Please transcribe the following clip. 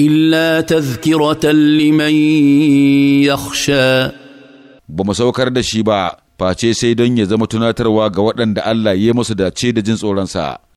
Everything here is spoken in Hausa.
إلا تذكرة لمن يخشى shi ba face sai don ya zama tunatarwa ga waɗanda Allah ya musu dace da jin tsoronsa.